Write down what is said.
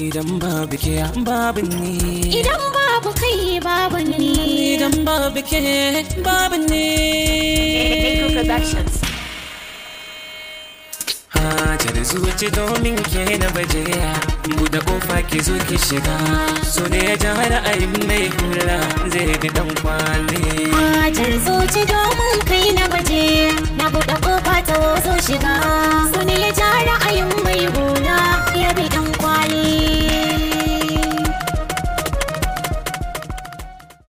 idan babu ke babu ni idan babu kai babu ni idan babu ke babu ni Hajar zuci domin ke na bajiya Buɗe ƙofa ke zo ki shiga So da ya ji ra'ayin mai hula Zai bi ɗan kwali